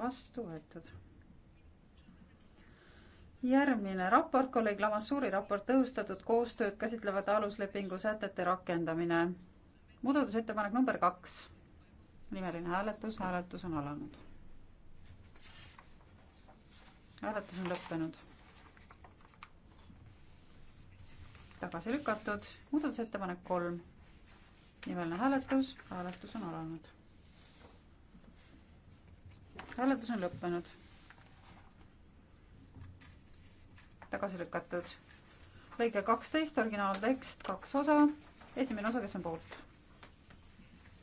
vastu võetud. järgmine raport, kolleeg Lamassuuri raport tõhustatud koostööd käsitlevate aluslepingu sätete rakendamine. muudatusettepanek number kaks. nimeline hääletus, hääletus on alanud. hääletus on lõppenud. tagasi lükatud, muudatusettepanek kolm. nimeline hääletus, hääletus on alanud hääletus on lõppenud. tagasi lükatud. lõige kaksteist, originaaltekst, kaks osa. esimene osa, kes on poolt?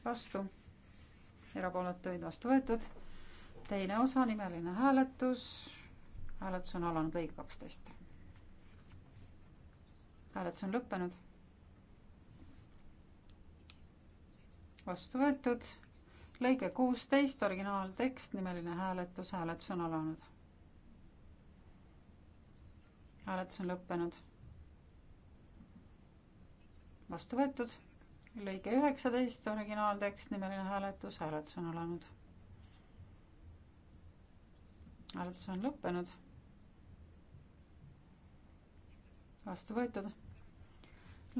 vastu. erapooletuid vastu võetud. teine osa, nimeline hääletus. hääletus on alanud lõige kaksteist. hääletus on lõppenud. vastu võetud lõige kuusteist, originaaltekst, nimeline hääletus, hääletus on alanud. hääletus on lõppenud. vastu võetud. lõige üheksateist, originaaltekst, nimeline hääletus, hääletus on alanud. hääletus on lõppenud. vastu võetud.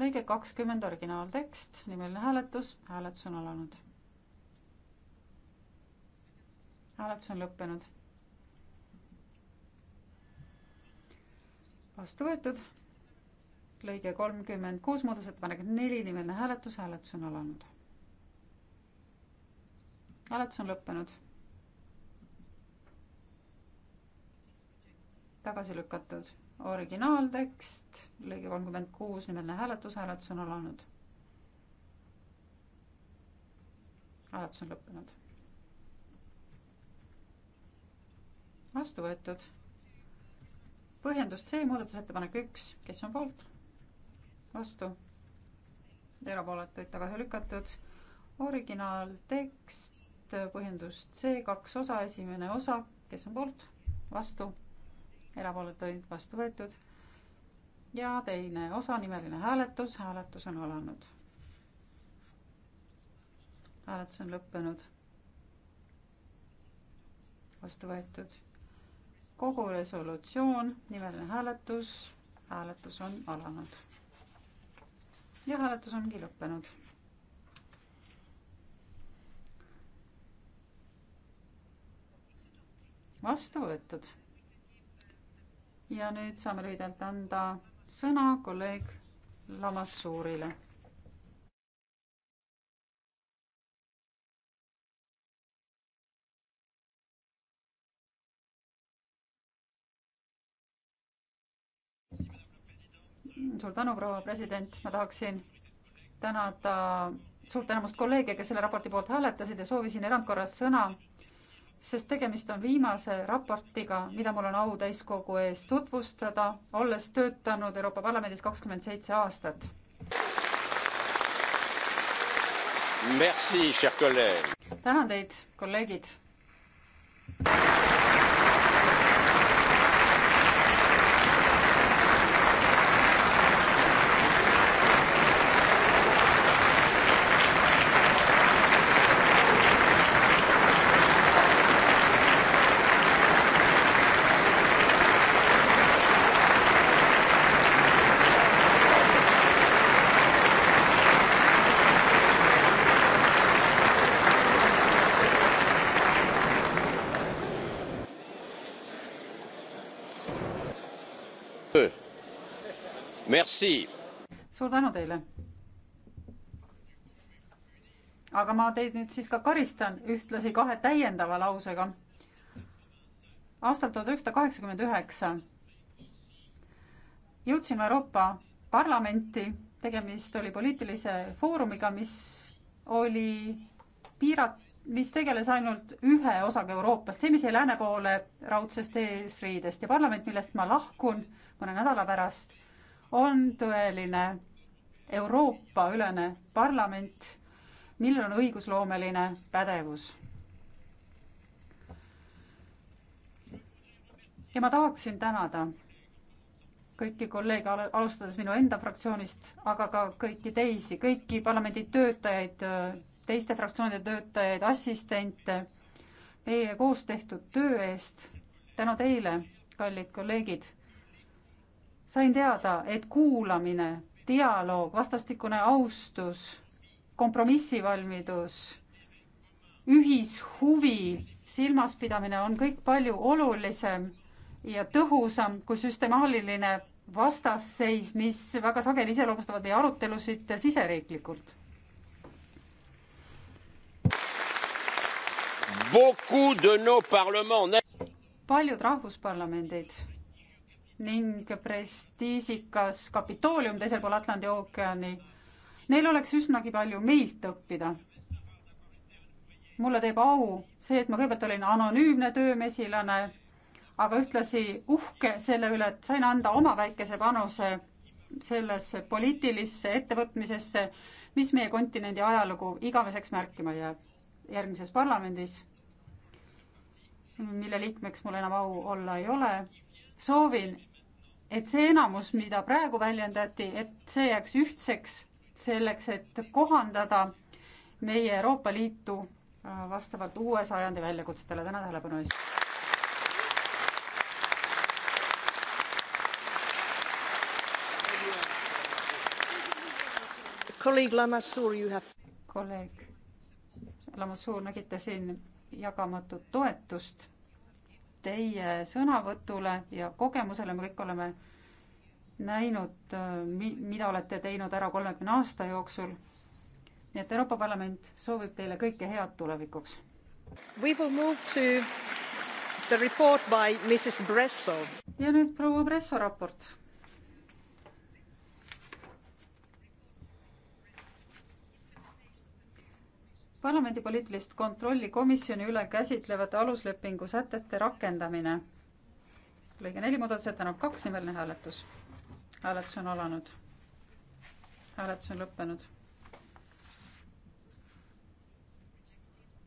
lõige kakskümmend, originaaltekst, nimeline hääletus, hääletus on alanud hääletus on lõppenud. vastu võetud. lõige kolmkümmend kuus, muudatusettepanek neli, nimeline hääletus, hääletus on alanud. hääletus on lõppenud. tagasi lükatud originaaltekst, lõige kolmkümmend kuus, nimeline hääletus, hääletus on alanud. hääletus on lõppenud vastu võetud. põhjendus C, muudatusettepanek üks, kes on poolt? vastu. erapooletuid tagasi lükatud. originaaltekst, põhjendus C, kaks osa, esimene osa, kes on poolt? vastu. erapooletuid vastu võetud. ja teine osa, nimeline hääletus, hääletus on alanud. hääletus on lõppenud. vastu võetud kogu resolutsioon, nimeline hääletus, hääletus on alanud. ja hääletus ongi lõppenud. vastu võetud. ja nüüd saame lühidalt anda sõna kolleeg Lamassuurile suur tänu, proua president, ma tahaksin tänada suurt enamust kolleege, kes selle raporti poolt hääletasid ja soovisin erandkorras sõna, sest tegemist on viimase raportiga, mida mul on au täiskogu ees tutvustada, olles töötanud Euroopa Parlamendis kakskümmend seitse aastat. tänan teid, kolleegid suur tänu teile. aga ma teid nüüd siis ka karistan ühtlasi kahe täiendava lausega. aastal tuhat üheksasada kaheksakümmend üheksa jõudsin ma Euroopa Parlamenti, tegemist oli poliitilise foorumiga, mis oli piirat-, mis tegeles ainult ühe osaga Euroopast, see, mis jäi lääne poole raudsest eesriidest ja parlament, millest ma lahkun mõne nädala pärast on tõeline Euroopa-ülene parlament, millel on õigusloomeline pädevus. ja ma tahaksin tänada kõiki kolleege, alustades minu enda fraktsioonist, aga ka kõiki teisi, kõiki parlamendi töötajaid, teiste fraktsioonide töötajaid, assistente, meie koos tehtud töö eest. tänu teile, kallid kolleegid sain teada, et kuulamine, dialoog, vastastikune austus, kompromissivalmidus, ühishuvi silmaspidamine on kõik palju olulisem ja tõhusam kui süstemaaliline vastasseis, mis väga sageli iseloomustavad meie arutelusid siseriiklikult. paljud rahvusparlamendid ning prestiižikas Kapitoolium teisel pool Atlandi ookeani. Neil oleks üsnagi palju meilt õppida. mulle teeb au see, et ma kõigepealt olin anonüümne töömesilane, aga ühtlasi uhke selle üle, et sain anda oma väikese panuse sellesse poliitilisse ettevõtmisesse, mis meie kontinendi ajalugu igaveseks märkima jääb. järgmises parlamendis, mille liikmeks mul enam au olla ei ole soovin, et see enamus, mida praegu väljendati, et see jääks ühtseks selleks, et kohandada meie Euroopa Liitu äh, vastavalt uue sajandi väljakutsetele. tänan tähelepanu eest. kolleeg Lamassoor, you have. kolleeg Lamassoor, nägite siin jagamatut toetust teie sõnavõtule ja kogemusele, me kõik oleme näinud, mi-, mida olete teinud ära kolmekümne aasta jooksul. nii et Euroopa Parlament soovib teile kõike head tulevikuks. ja nüüd proua Bresso raport parlamendi poliitilist kontrolli komisjoni üle käsitlevate aluslepingu sätete rakendamine. lõige neli muudatusettepanek kaks, nimeline hääletus. hääletus on alanud. hääletus on lõppenud.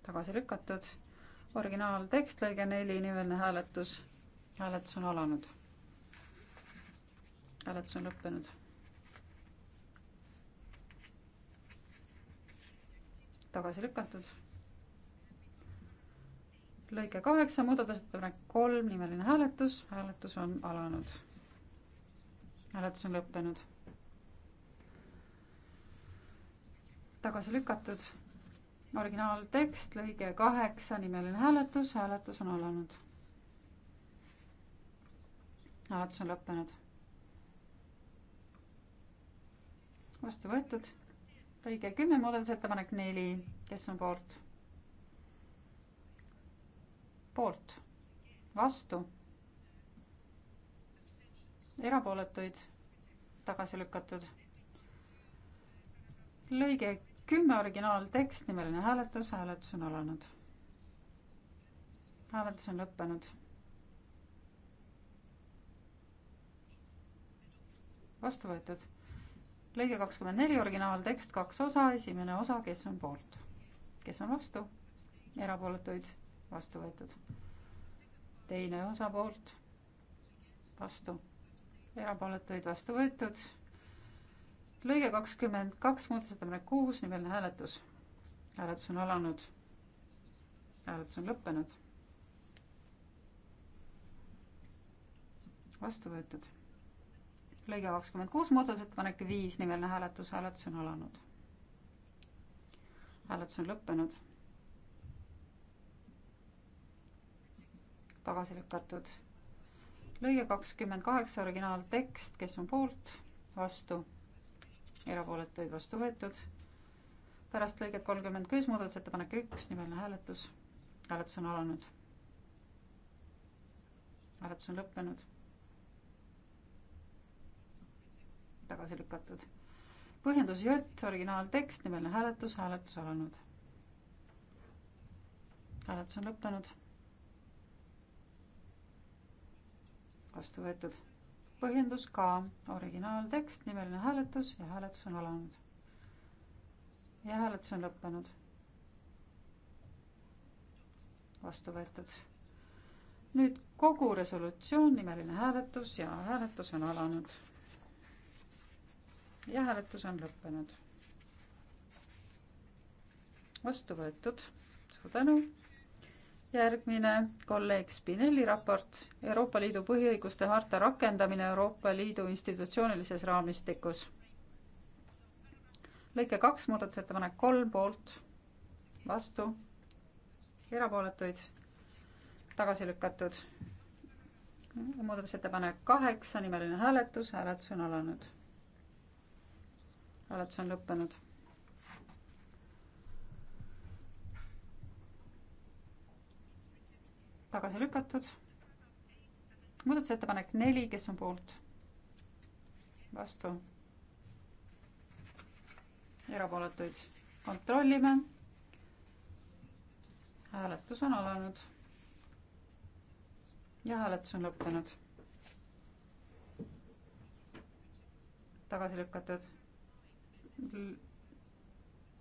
tagasi lükatud. originaaltekst, lõige neli, nimeline hääletus. hääletus on alanud. hääletus on lõppenud tagasi lükatud. lõige kaheksa, muudatusettepanek kolm, nimeline hääletus, hääletus on alanud. hääletus on lõppenud. tagasi lükatud, originaaltekst, lõige kaheksa, nimeline hääletus, hääletus on alanud. hääletus on lõppenud. vastu võetud lõige kümme, muudatusettepanek neli, kes on poolt? poolt, vastu, erapooletuid, tagasi lükatud. lõige kümme, originaaltekst, nimeline hääletus, hääletus on alanud. hääletus on lõppenud vastu võetud lõige kakskümmend neli, originaaltekst, kaks osa, esimene osa, kes on poolt, kes on vastu, erapooletuid vastu võetud. teine osa poolt, vastu, erapooletuid vastu võetud. lõige kakskümmend kaks, muudatusettepanek kuus, nimeline hääletus. hääletus on alanud. hääletus on lõppenud. vastu võetud lõige kakskümmend kuus, muudatusettepanek viis, nimeline hääletus, hääletus on alanud. hääletus on lõppenud. tagasi lükatud. lõige kakskümmend kaheksa, originaaltekst, kes on poolt, vastu, erapooletuid vastu võetud. pärast lõiget kolmkümmend kuus, muudatusettepanek üks, nimeline hääletus, hääletus on alanud. hääletus on lõppenud tagasi lükatud. põhjendus J, originaaltekst, nimeline hääletus, hääletus alanud. hääletus on lõppenud. vastu võetud. põhjendus K, originaaltekst, nimeline hääletus ja hääletus on alanud. ja hääletus on lõppenud. vastu võetud nüüd kogu resolutsioon, nimeline hääletus ja hääletus on alanud ja hääletus on lõppenud. vastu võetud, suur tänu. järgmine kolleeg Spinelli raport Euroopa Liidu põhiõiguste harta rakendamine Euroopa Liidu institutsioonilises raamistikus. lõike kaks, muudatusettepanek kolm poolt, vastu, erapooletuid, tagasi lükatud muudatusettepanek kaheksa, nimeline hääletus, hääletus on alanud hääletus on lõppenud. tagasi lükatud. muudatusettepanek neli, kes on poolt? vastu? erapooletuid kontrollime. hääletus on alanud. ja hääletus on lõppenud. tagasi lükatud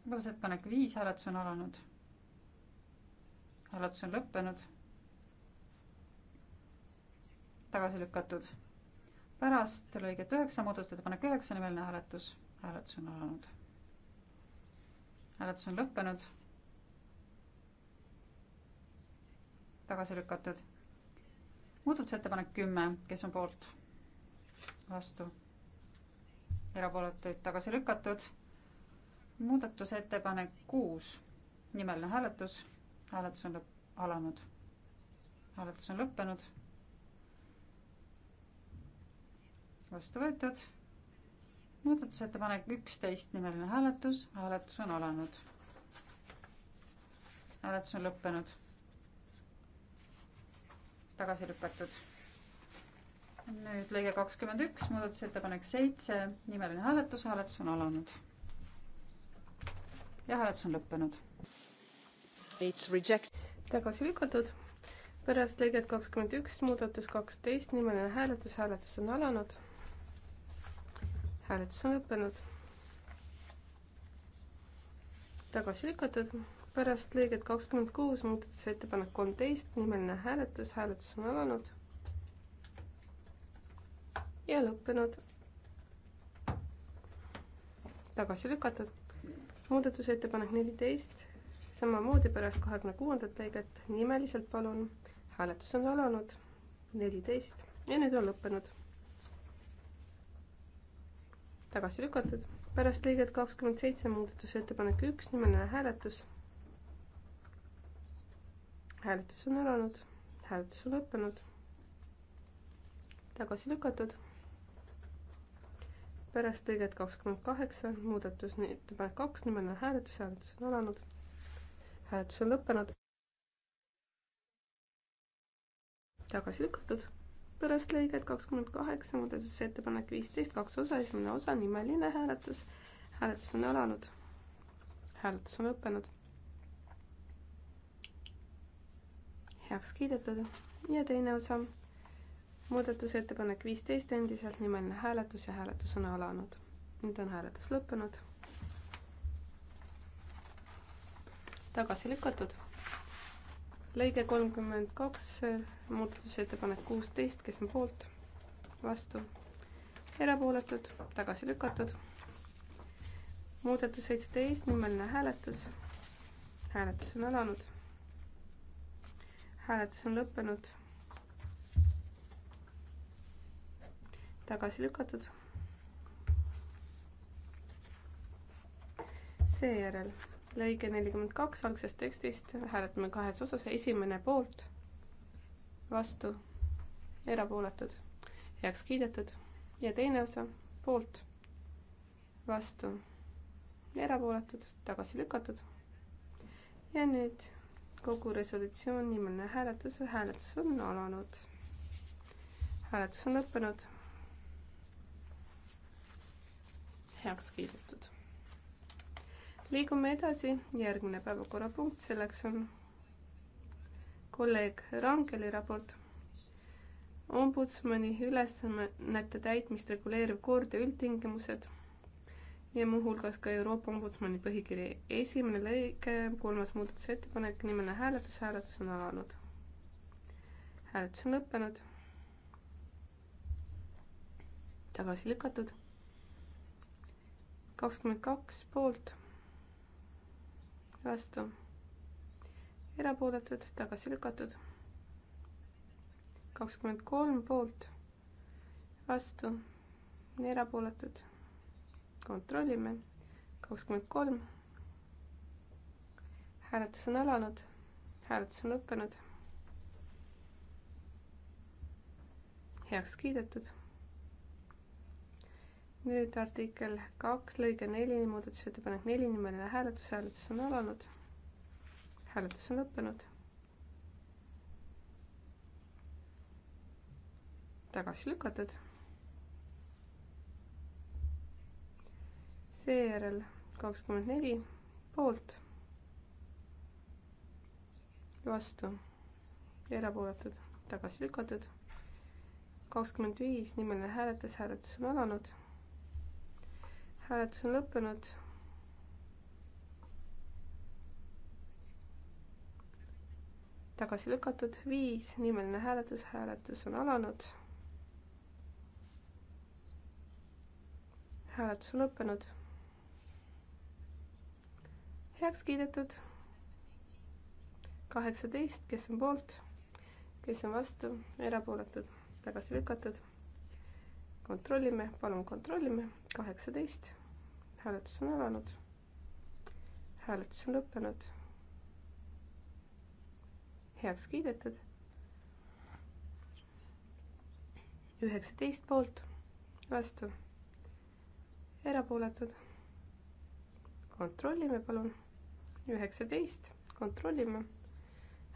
muudatusettepanek viis, hääletus on alanud. hääletus on lõppenud. tagasi lükatud. pärast lõiget üheksa, muudatusettepanek üheksa, nimeline hääletus. hääletus on alanud. hääletus on lõppenud. tagasi lükatud. muudatusettepanek kümme, kes on poolt? vastu erapooletuid tagasi lükatud. muudatusettepanek kuus, nimeline hääletus, hääletus on lõpp, alanud, hääletus on lõppenud. vastu võetud. muudatusettepanek üksteist, nimeline hääletus, hääletus on alanud. hääletus on lõppenud. tagasi lükatud nüüd lõige kakskümmend üks, muudatusettepanek seitse, nimeline hääletus, hääletus on alanud. ja hääletus on lõppenud. tagasi lükatud. pärast lõiget kakskümmend üks, muudatus kaksteist, nimeline hääletus, hääletus on alanud. hääletus on lõppenud. tagasi lükatud pärast lõiget kakskümmend kuus muudatusettepanek kolmteist, nimeline hääletus, hääletus on alanud ja lõppenud. tagasi lükatud. muudatusettepanek neliteist, samamoodi pärast kahekümne kuuendat lõiget, nimeliselt palun. hääletus on alanud, neliteist ja nüüd on lõppenud. tagasi lükatud, pärast lõiget kakskümmend seitse muudatusettepanek üks, nimeline hääletus. hääletus on alanud, hääletus on lõppenud tagasi lükatud pärast lõiget kakskümmend kaheksa, muudatus ettepanek kaks, nimeline hääletus, hääletus on alanud. hääletus on lõppenud. tagasi lükatud. pärast lõiget kakskümmend kaheksa, muudatusettepanek viisteist, kaks osa, esimene osa, nimeline hääletus. hääletus on alanud. hääletus on lõppenud. heaks kiidetud ja teine osa muudatusettepanek viisteist, endiselt nimeline hääletus ja hääletus on alanud. nüüd on hääletus lõppenud. tagasi lükatud. lõige kolmkümmend kaks, muudatusettepanek kuusteist, kes on poolt, vastu, erapooletud, tagasi lükatud. muudatus seitseteist, nimeline hääletus. hääletus on alanud. hääletus on lõppenud tagasi lükatud. seejärel lõige nelikümmend kaks algsest tekstist hääletame kahes osas, esimene poolt, vastu, erapooletud, heaks kiidetud ja teine osa poolt, vastu, erapooletud, tagasi lükatud. ja nüüd kogu resolutsioon nimeline hääletus, hääletus on alanud. hääletus on lõppenud heaks kiidetud. liigume edasi, järgmine päevakorrapunkt, selleks on kolleeg Rangeli raport. ombudsmani ülesannete täitmist reguleeriv kord ja üldtingimused ja muuhulgas ka Euroopa Ombudsmani põhikiri. esimene lõige, kolmas muudatusettepanek, nimeline hääletus, hääletus on alanud. hääletus on lõppenud. tagasi lükatud kakskümmend kaks poolt, vastu, erapooletud, tagasi lükatud. kakskümmend kolm poolt, vastu, erapooletud, kontrollime, kakskümmend kolm. hääletus on alanud, hääletus on lõppenud. heaks kiidetud nüüd artikkel kaks, lõige neli, muudatusettepanek neli, nimeline hääletus, hääletus on alanud. hääletus on lõppenud. tagasi lükatud. seejärel kakskümmend neli poolt vastu, erapooletud, tagasi lükatud. kakskümmend viis nimeline hääletus, hääletus on alanud hääletus on lõppenud. tagasi lükatud viis, nimeline hääletus, hääletus on alanud. hääletus on lõppenud. heaks kiidetud. kaheksateist, kes on poolt, kes on vastu, erapooletud, tagasi lükatud kontrollime, palun kontrollime, kaheksateist, hääletus on alanud, hääletus on lõppenud, heaks kiidetud, üheksateist poolt, vastu, erapooletud, kontrollime palun, üheksateist, kontrollime,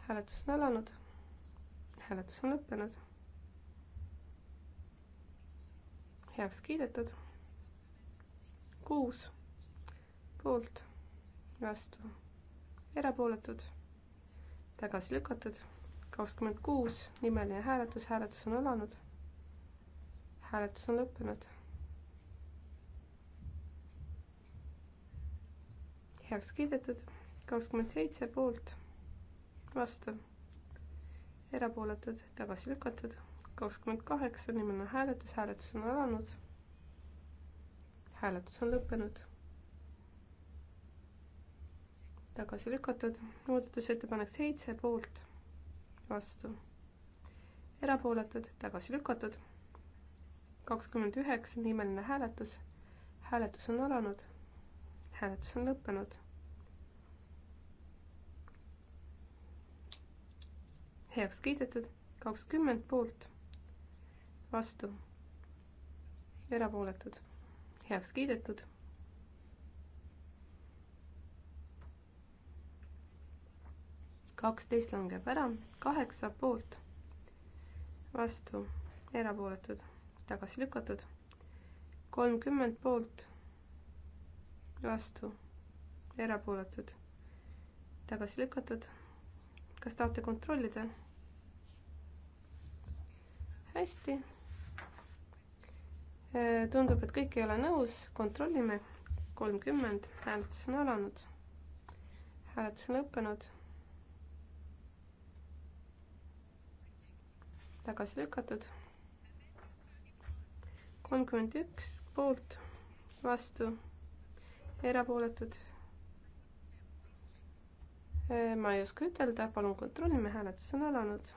hääletus on alanud, hääletus on lõppenud heaks kiidetud. kuus poolt, vastu, erapooletud, tagasi lükatud. kakskümmend kuus, nimeline hääletus, hääletus on alanud. hääletus on lõppenud. heaks kiidetud, kakskümmend seitse poolt, vastu, erapooletud, tagasi lükatud kakskümmend kaheksa, nimeline hääletus, hääletus on alanud. hääletus on lõppenud. tagasi lükatud, muudatusettepanek seitse poolt, vastu, erapooletud, tagasi lükatud. kakskümmend üheksa, nimeline hääletus, hääletus on alanud, hääletus on lõppenud heaks kiidetud, kakskümmend poolt, vastu, erapooletud, heaks kiidetud. kaksteist langeb ära, kaheksa poolt, vastu, erapooletud, tagasi lükatud, kolmkümmend poolt, vastu, erapooletud, tagasi lükatud. kas tahate kontrollida? hästi, Äh, tundub, et kõik ei ole nõus, kontrollime. kolmkümmend, hääletus on alanud. hääletus on lõppenud. tagasi lükatud. kolmkümmend üks poolt, vastu, erapooletud. Äh, ma ei oska ütelda, palun kontrollime, hääletus on alanud.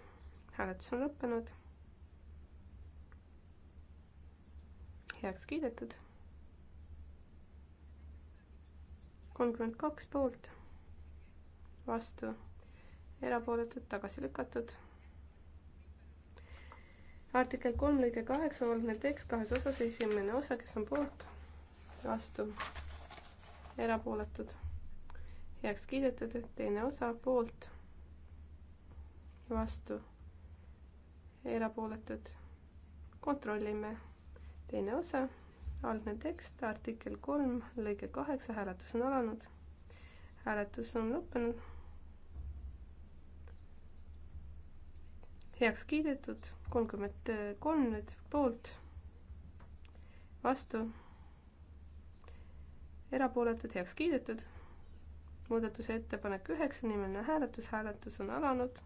hääletus on lõppenud heaks kiidetud. kolmkümmend kaks poolt, vastu, erapooletud, tagasi lükatud. artikkel kolm lõige kaheksa, algne tekst kahes osas, esimene osa, kes on poolt, vastu, erapooletud, heaks kiidetud, teine osa poolt, vastu, erapooletud kontrollime teine osa, algne tekst, artikkel kolm, lõige kaheksa, hääletus on alanud. hääletus on lõppenud. heaks kiidetud, kolmkümmend kolm nüüd poolt, vastu, erapooletud, heaks kiidetud. muudatuse ettepanek üheksa, nimeline hääletus, hääletus on alanud,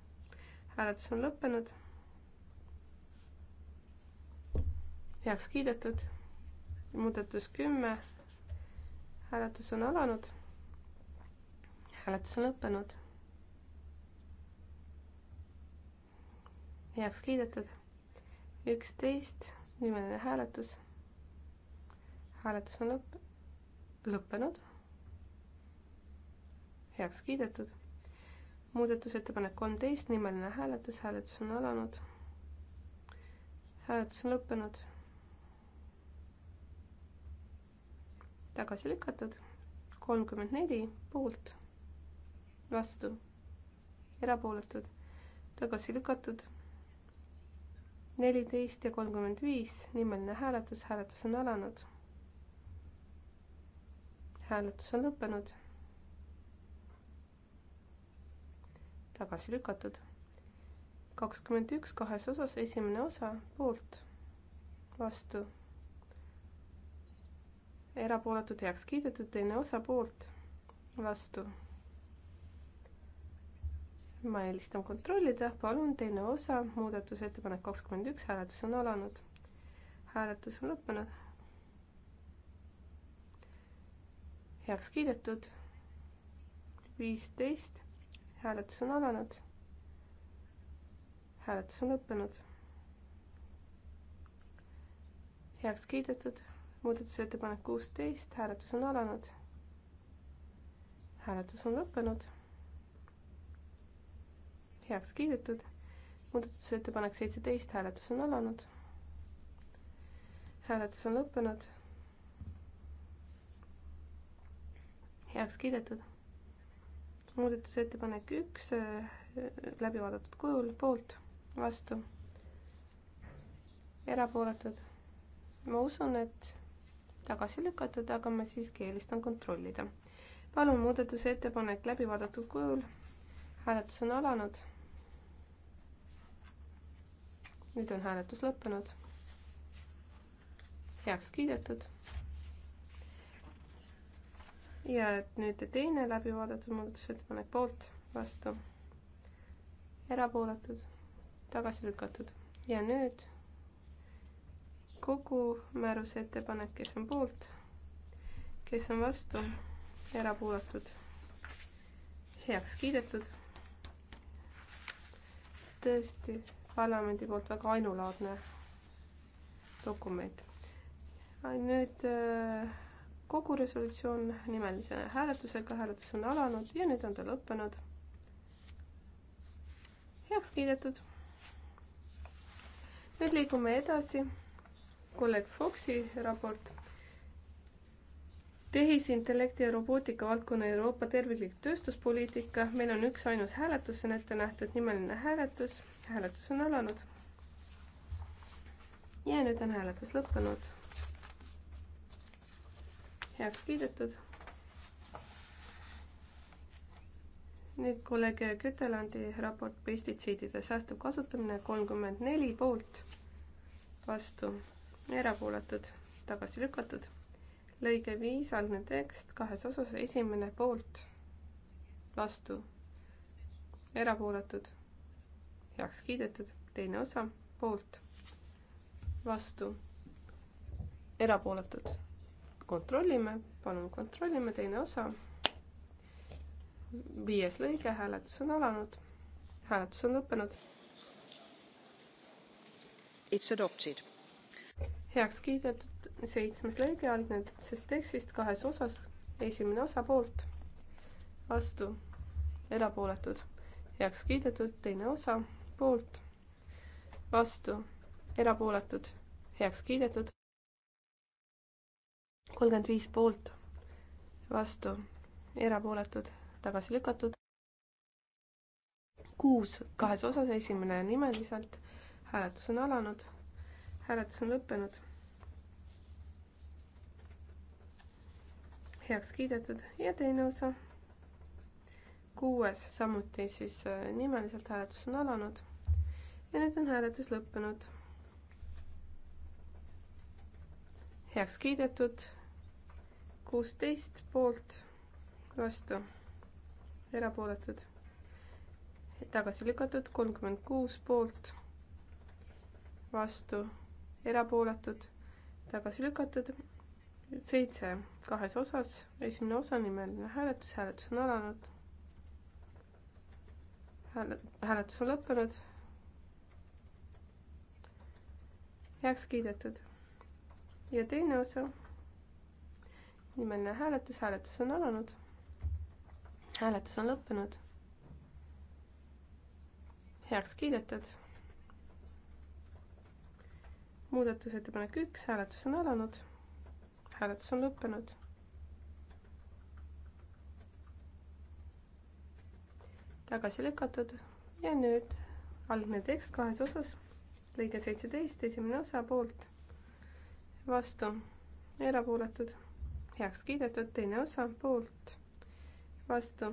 hääletus on lõppenud heaks kiidetud. muudatus kümme, hääletus on alanud. hääletus on lõppenud. heaks kiidetud. üksteist, nimeline hääletus. hääletus on lõpp, lõppenud. heaks kiidetud muudatusettepanek kolmteist, nimeline hääletus, hääletus on alanud. hääletus on lõppenud. tagasi lükatud, kolmkümmend neli poolt, vastu, erapooletud, tagasi lükatud, neliteist ja kolmkümmend viis, nimeline hääletus, hääletus on alanud. hääletus on lõppenud. tagasi lükatud, kakskümmend üks kahes osas, esimene osa poolt, vastu erapooletud heaks kiidetud, teine osa poolt, vastu. ma eelistan kontrollida, palun, teine osa, muudatusettepanek kakskümmend üks, hääletus on alanud. hääletus on lõppenud. heaks kiidetud. viisteist, hääletus on alanud. hääletus on lõppenud. heaks kiidetud muudatusettepanek kuusteist, hääletus on alanud. hääletus on lõppenud. heaks kiidetud. muudatusettepanek seitseteist, hääletus on alanud. hääletus on lõppenud. heaks kiidetud. muudatusettepanek üks äh, läbi vaadatud kujul, poolt, vastu, erapooletud. ma usun, et tagasi lükatud, aga ma siiski eelistan kontrollida. palun muudatusettepanek läbi vaadatud kujul. hääletus on alanud. nüüd on hääletus lõppenud. heaks kiidetud. ja et nüüd teine läbi vaadatud muudatusettepanek poolt, vastu, erapooletud, tagasi lükatud ja nüüd kogu määruse ettepanek, kes on poolt, kes on vastu, erapooletud, heaks kiidetud. tõesti, parlamendi poolt väga ainulaadne dokument. nüüd äh, kogu resolutsioon nimelise hääletusega, hääletus on alanud ja nüüd on ta lõppenud. heaks kiidetud. nüüd liigume edasi kolleeg Foxi raport. tehisintellekti ja robootika valdkonna Euroopa terviklik tööstuspoliitika, meil on üksainus hääletus, see on ette nähtud nimeline hääletus, hääletus on alanud. ja nüüd on hääletus lõppenud. heaks kiidetud. nüüd kolleeg Kütelandi raport pestitsiidide säästev kasutamine kolmkümmend neli poolt, vastu erapooletud, tagasi lükatud. lõige viis, algne tekst kahes osas, esimene poolt, vastu, erapooletud, heaks kiidetud, teine osa, poolt, vastu, erapooletud. kontrollime, palun kontrollime, teine osa. viies lõige, hääletus on alanud, hääletus on lõppenud. It's adopted heaks kiidetud, seitsmes lõige algnevast tekstist kahes osas, esimene osa poolt, vastu, erapooletud, heaks kiidetud, teine osa poolt, vastu, erapooletud, heaks kiidetud, kolmkümmend viis poolt, vastu, erapooletud, tagasi lükatud, kuus kahes osas, esimene nimeliselt, hääletus on alanud hääletus on lõppenud. heaks kiidetud ja teine osa. kuues samuti siis äh, nimeliselt hääletus on alanud ja nüüd on hääletus lõppenud. heaks kiidetud kuusteist poolt, vastu, erapooletud tagasi lükatud, kolmkümmend kuus poolt, vastu, erapooletud, tagasi lükatud. seitse kahes osas, esimene osa, nimeline hääletus, hääletus on alanud. hääle, hääletus on lõppenud. heaks kiidetud. ja teine osa, nimeline hääletus, hääletus on alanud. hääletus on lõppenud. heaks kiidetud muudatusettepanek üks, hääletus on alanud. hääletus on lõppenud. tagasi lükatud ja nüüd algne tekst kahes osas, lõige seitseteist, esimene osa poolt, vastu, erapooletud, heaks kiidetud, teine osa poolt, vastu,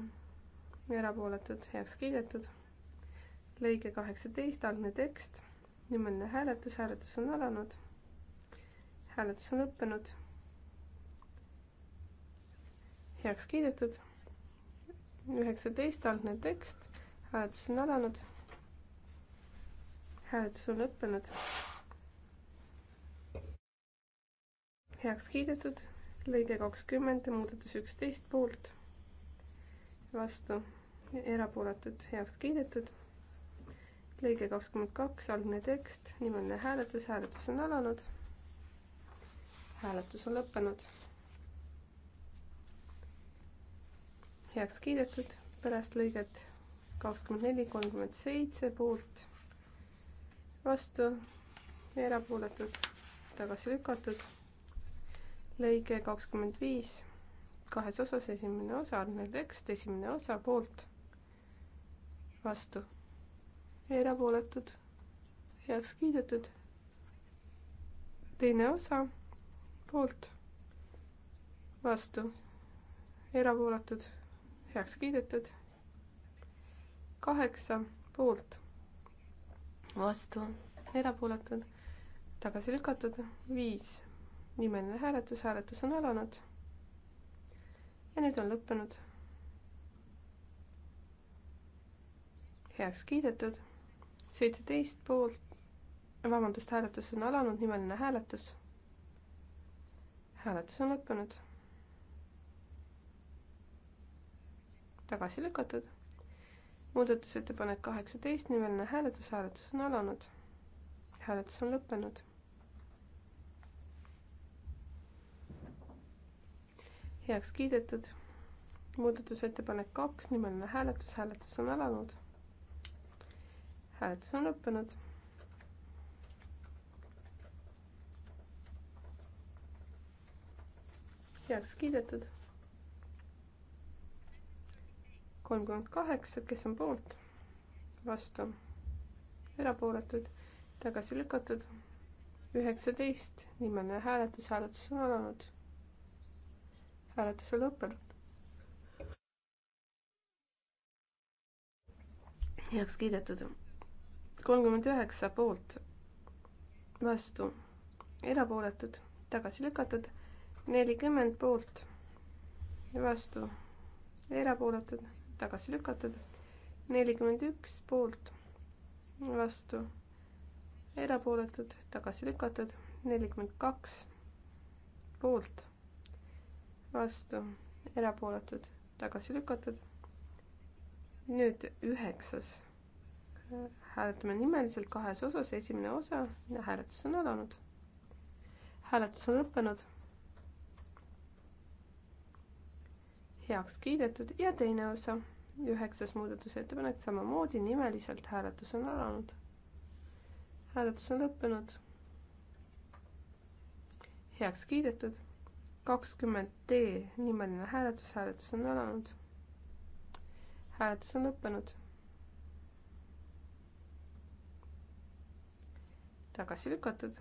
erapooletud, heaks kiidetud, lõige kaheksateist, algne tekst nimeline hääletus, hääletus on alanud. hääletus on lõppenud. heaks kiidetud. üheksateist algne tekst, hääletus on alanud. hääletus on lõppenud. heaks kiidetud, lõige kakskümmend, muudatus üksteist poolt, vastu, erapooletud, heaks kiidetud lõige kakskümmend kaks, algne tekst, nimeline hääletus, hääletus on alanud. hääletus on lõppenud. heaks kiidetud, pärast lõiget kakskümmend neli, kolmkümmend seitse poolt, vastu, erapooletud, tagasi lükatud. lõige kakskümmend viis, kahes osas, esimene osa, algne tekst, esimene osa poolt, vastu erapooletud, heaks kiidetud. teine osa, poolt, vastu, erapooletud, heaks kiidetud. kaheksa, poolt, vastu, erapooletud, tagasi lükatud, viis, nimeline hääletus, hääletus on alanud. ja nüüd on lõppenud heaks kiidetud seitseteist poolt, vabandust, hääletus on alanud, nimeline hääletus. hääletus on lõppenud. tagasi lükatud. muudatusettepanek kaheksateist, nimeline hääletus, hääletus on alanud. hääletus on lõppenud. heaks kiidetud. muudatusettepanek kaks, nimeline hääletus, hääletus on alanud hääletus on lõppenud. heaks kiidetud. kolmkümmend kaheksa, kes on poolt, vastu, erapooletud, tagasi lükatud. üheksateist, nimeline hääletus, hääletus on alanud. hääletus on lõppenud. heaks kiidetud kolmkümmend üheksa poolt, vastu, erapooletud, tagasi lükatud, nelikümmend poolt, vastu, erapooletud, tagasi lükatud, nelikümmend üks poolt, vastu, erapooletud, tagasi lükatud, nelikümmend kaks poolt, vastu, erapooletud, tagasi lükatud. nüüd üheksas hääletame nimeliselt kahes osas, esimene osa ja hääletus on alanud. hääletus on lõppenud. heaks kiidetud ja teine osa, üheksas muudatusettepanek samamoodi nimeliselt, hääletus on alanud. hääletus on lõppenud. heaks kiidetud, kakskümmend D nimeline hääletus, hääletus on alanud. hääletus on lõppenud tagasi lükatud.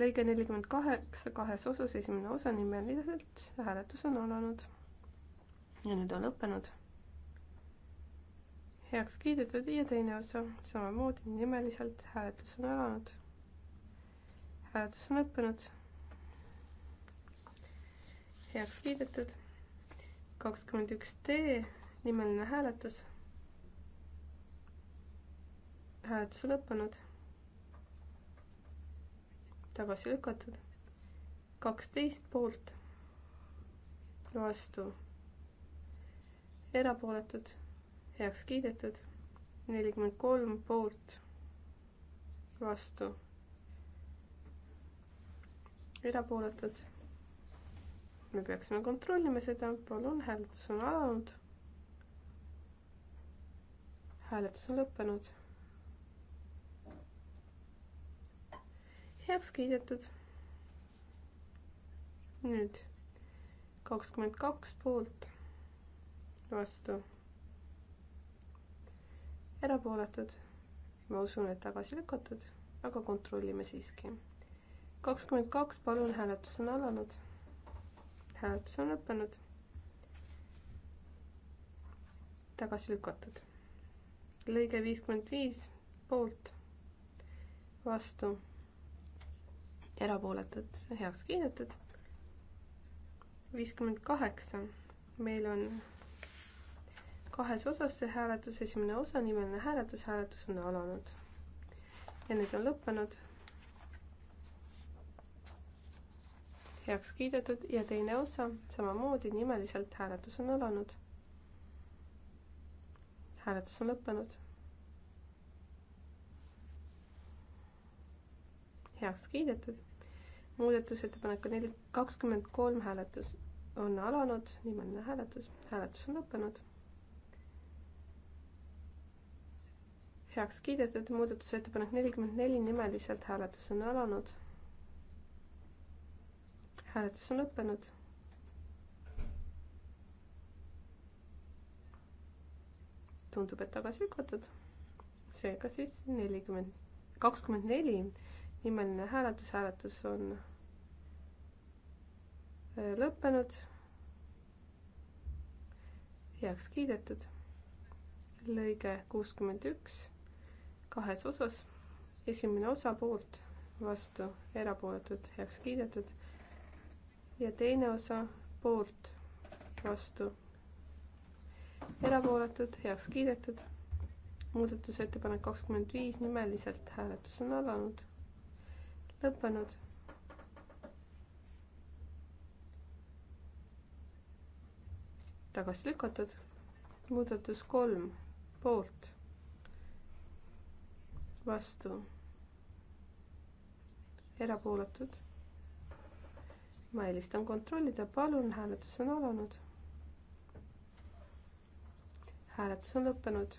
lõige nelikümmend kaheksa kahes osas, esimene osa nimeliselt, hääletus on alanud. ja nüüd on lõppenud. heaks kiidetud ja teine osa samamoodi nimeliselt, hääletus on alanud. hääletus on lõppenud. heaks kiidetud. kakskümmend üks D nimeline hääletus. hääletus on lõppenud tagasi lükatud. kaksteist poolt, vastu, erapooletud, heaks kiidetud. nelikümmend kolm poolt, vastu, erapooletud. me peaksime kontrollima seda, palun, hääletus on alanud. hääletus on lõppenud heaks kiidetud. nüüd kakskümmend kaks poolt, vastu, erapooletud. ma usun, et tagasi lükatud, aga kontrollime siiski. kakskümmend kaks, palun, hääletus on alanud. hääletus on lõppenud. tagasi lükatud. lõige viiskümmend viis, poolt, vastu erapooletud, heaks kiidetud. viiskümmend kaheksa, meil on kahes osas see hääletus, esimene osa, nimeline hääletus, hääletus on alanud. ja nüüd on lõppenud. heaks kiidetud ja teine osa samamoodi nimeliselt hääletus on alanud. hääletus on lõppenud. heaks kiidetud muudatusettepanek on neli, kakskümmend kolm hääletus on alanud, nimeline hääletus, hääletus on lõppenud. heaks kiidetud muudatusettepanek nelikümmend neli, nimeliselt hääletus on alanud. hääletus on lõppenud. tundub, et tagasi lükatud. seega siis nelikümmend, kakskümmend neli nimeline hääletus, hääletus on äh, lõppenud, heaks kiidetud, lõige kuuskümmend üks kahes osas, esimene osa poolt, vastu, erapooletud, heaks kiidetud ja teine osa poolt, vastu, erapooletud, heaks kiidetud. muudatusettepanek kakskümmend viis nimeliselt hääletus on alanud lõppenud. tagasi lükatud. muudatus kolm, poolt, vastu, erapooletud. ma eelistan kontrollida, palun, hääletus on alanud. hääletus on lõppenud.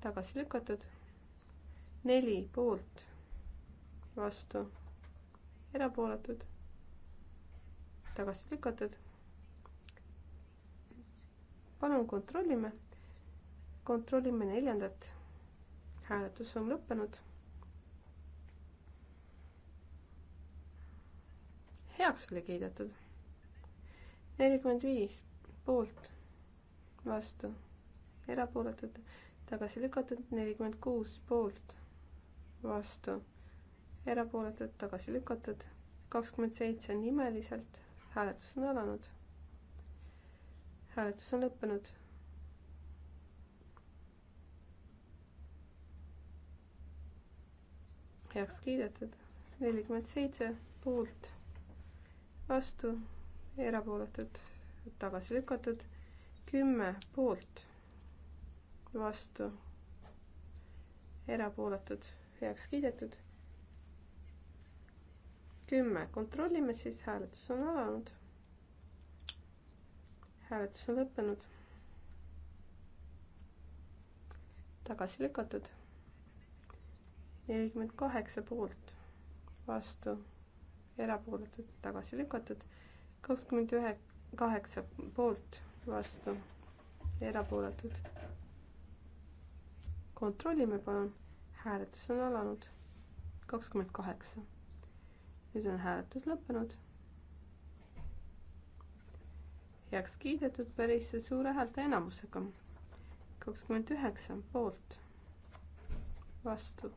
tagasi lükatud neli poolt, vastu, erapooletud, tagasi lükatud. palun kontrollime, kontrollime neljandat. hääletus on lõppenud. heaks oli kiidetud. nelikümmend viis poolt, vastu, erapooletud, tagasi lükatud, nelikümmend kuus poolt vastu, erapooletud, tagasi lükatud, kakskümmend seitse nimeliselt, hääletus on alanud. hääletus on lõppenud. heaks kiidetud, nelikümmend seitse poolt, vastu, erapooletud, tagasi lükatud, kümme poolt, vastu erapooletud heaks kiidetud. kümme, kontrollime siis, hääletus on alanud. hääletus on lõppenud. tagasi lükatud. nelikümmend kaheksa poolt, vastu, erapooletud, tagasi lükatud. kakskümmend ühe, kaheksa poolt, vastu, erapooletud. kontrollime palun hääletus on alanud. kakskümmend kaheksa. nüüd on hääletus lõppenud. heaks kiidetud päris suure häälteenamusega. kakskümmend üheksa poolt, vastu,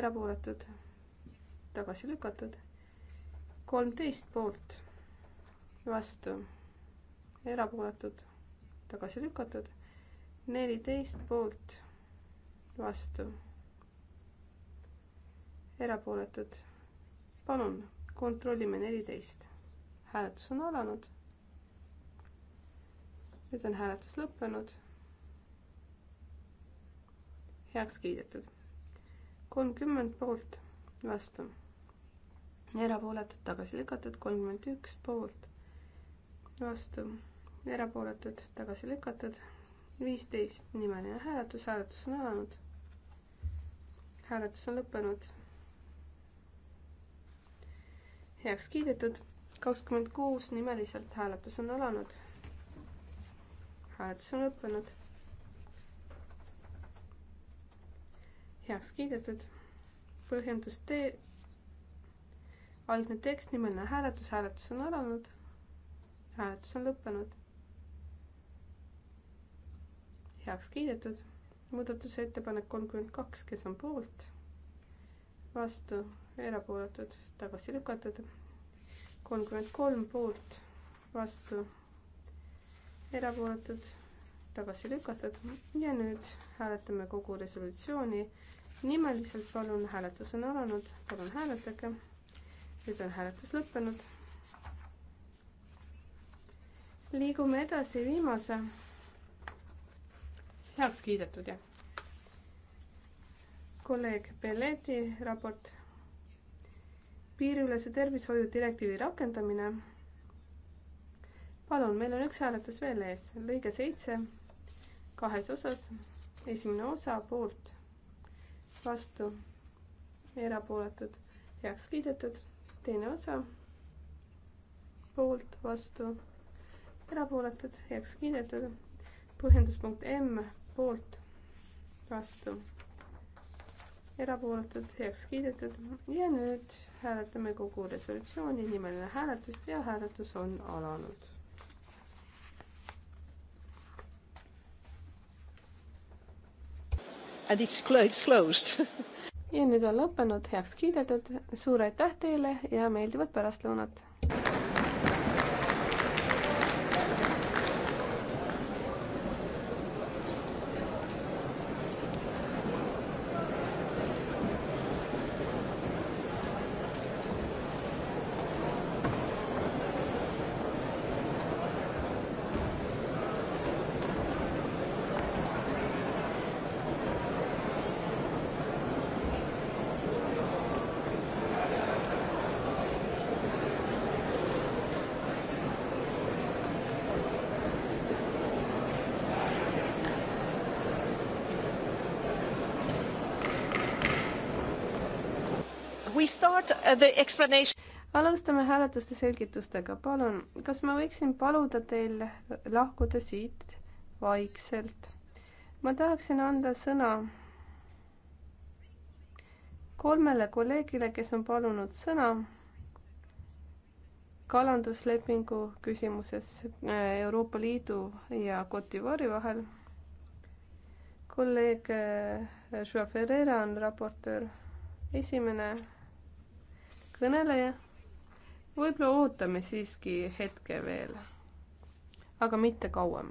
erapooletud, tagasi lükatud. kolmteist poolt, vastu, erapooletud, tagasi lükatud. neliteist poolt vastu, erapooletud. palun kontrollime neliteist. hääletus on alanud. nüüd on hääletus lõppenud. heaks kiidetud. kolmkümmend poolt, vastu, erapooletud, tagasi lükatud, kolmkümmend üks poolt, vastu, erapooletud, tagasi lükatud viisteist nimeline hääletus, hääletus on alanud hääletus on lõppenud. heaks kiidetud, kakskümmend kuus nimeliselt hääletus on alanud. hääletus on lõppenud. heaks kiidetud, põhjendus D, algne tekst, nimeline hääletus, hääletus on alanud. hääletus on lõppenud. heaks kiidetud muudatusettepanek kolmkümmend kaks, kes on poolt, vastu, erapooletud, tagasi lükatud. kolmkümmend kolm poolt, vastu, erapooletud, tagasi lükatud ja nüüd hääletame kogu resolutsiooni. nimeliselt palun, hääletus on alanud, palun hääletage. nüüd on hääletus lõppenud. liigume edasi viimase heaks kiidetud, jah. kolleeg Belleti raport. piiriülese tervishoiu direktiivi rakendamine. palun, meil on üks hääletus veel ees, lõige seitse, kahes osas. esimene osa poolt, vastu, erapooletud, heaks kiidetud. teine osa poolt, vastu, erapooletud, heaks kiidetud. põhjenduspunkt M poolt, vastu, erapooletud, heaks kiidetud ja nüüd hääletame kogu resolutsiooni, nimeline hääletus ja hääletus on alanud. And it's closed ja nüüd on lõppenud, heaks kiidetud, suur aitäh teile ja meeldivat pärastlõunat! Uh, alustame hääletuste selgitustega, palun, kas ma võiksin paluda teil lahkuda siit vaikselt? ma tahaksin anda sõna kolmele kolleegile, kes on palunud sõna kalanduslepingu küsimuses äh, Euroopa Liidu ja Cote d'Ivoire'i vahel. kolleeg äh, Joa Ferreira on raportöör esimene kõneleja. võib-olla ootame siiski hetke veel, aga mitte kauem.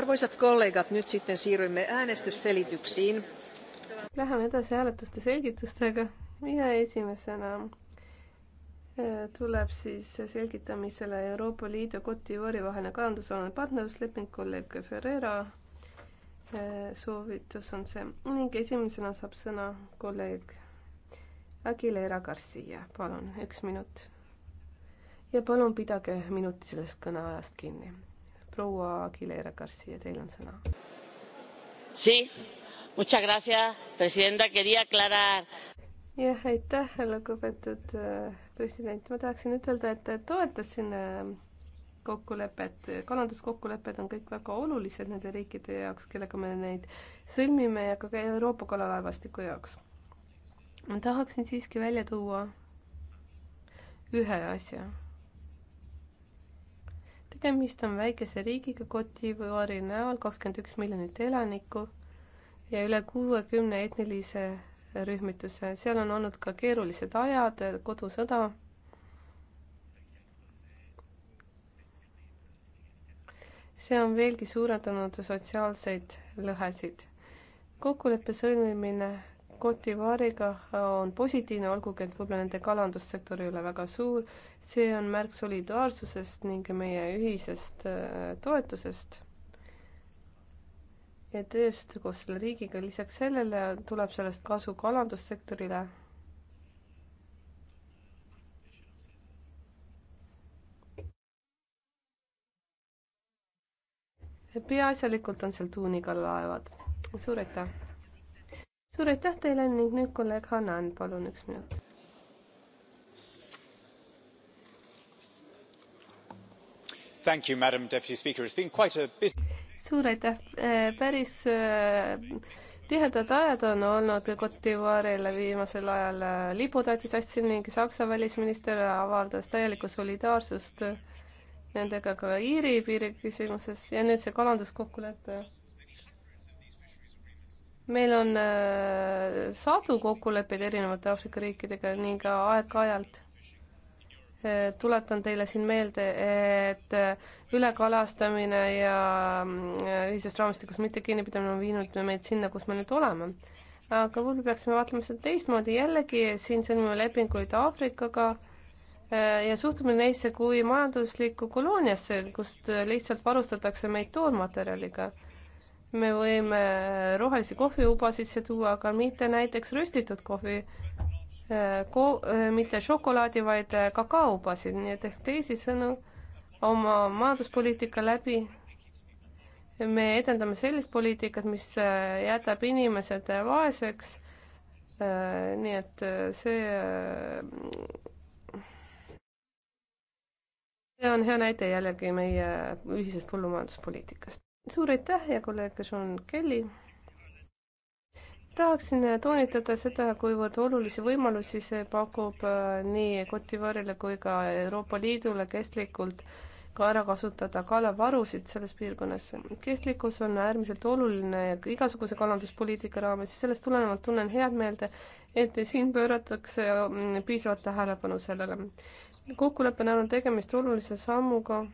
Arvoisat kollegat, nyt sitten siirrymme äänestysselityksiin. Läheme edasi hääletuste selgitustega ja esimesena äh, tuleb siis selgitamisele Euroopa Liidu Cote vaheline kalandusalane partnerlusleping kolleeg Ferreira äh, soovitus on see ning esimesena saab sõna kolleeg Aguilera Garcia, palun, üks minut. ja palun pidage minuti sellest kõneajast kinni proua Aguilera Garcia, teil on sõna. jah, aitäh, lugupeetud äh, president, ma tahaksin ütelda, et toetasin äh, kokkulepet, kalanduskokkulepped on kõik väga olulised nende riikide jaoks, kellega me neid sõlmime ja ka Euroopa kalalaevastiku jaoks. ma tahaksin siiski välja tuua ühe asja tegemist on väikese riigiga Cote d'Ivoire'i näol, kakskümmend üks miljonit elanikku ja üle kuuekümne etnilise rühmituse, seal on olnud ka keerulised ajad, kodusõda see on veelgi suurendanud sotsiaalseid lõhesid. kokkuleppe sõlmimine Cote d'Ivoire'iga äh, on positiivne, olgugi et võib-olla nende kalandussektor ei ole väga suur. see on märk solidaarsusest ning meie ühisest äh, toetusest. ja tööst koos selle riigiga, lisaks sellele tuleb sellest kasu kalandussektorile peaasjalikult on seal tuunikalaevad. suur aitäh! suur aitäh teile ning nüüd kolleeg Hannan, palun üks minut. Thank you, madam deputy speaker, it's been quite a busy. suur aitäh, eh, päris eh, tihedad ajad on olnud Cotivarile viimasel ajal eh, liputähtis asju ning Saksa välisminister avaldas täielikku solidaarsust nendega ka Iiri piiri küsimuses ja nüüd see kalanduskokkulepe meil on äh, sadu kokkuleppeid erinevate Aafrika riikidega ning aeg-ajalt äh, tuletan teile siin meelde, et äh, ülekalastamine ja mm, ühisest raamistikust mitte kinnipidamine on viinud meid sinna, kus me nüüd oleme. aga võib-olla peaksime vaatama seda teistmoodi, jällegi siin sõlmime lepinguid Aafrikaga ja suhtume neisse kui majanduslikku kolooniasse, kust lihtsalt varustatakse meid toormaterjaliga me võime äh, rohelisi kohviuba sisse tuua, aga mitte näiteks röstitud kohvi äh, ko-, äh, mitte šokolaadi, vaid kakaoubasid, nii et ehk teisisõnu oma majanduspoliitika läbi me edendame sellist poliitikat, mis jätab inimesed vaeseks, nii et see, see on hea näide jällegi meie ühisest põllumajanduspoliitikast suur aitäh, hea kolleeg Sean Kelly. tahaksin toonitada seda, kuivõrd olulisi võimalusi see pakub äh, nii Kotivaarile kui ka Euroopa Liidule kestlikult ka ära kasutada kalavarusid selles piirkonnas. kestlikkus on äärmiselt oluline igasuguse kalanduspoliitika raames ja sellest tulenevalt tunnen head meelde, et siin pööratakse mm, piisavalt tähelepanu sellele. kokkuleppena on tegemist olulise sammuga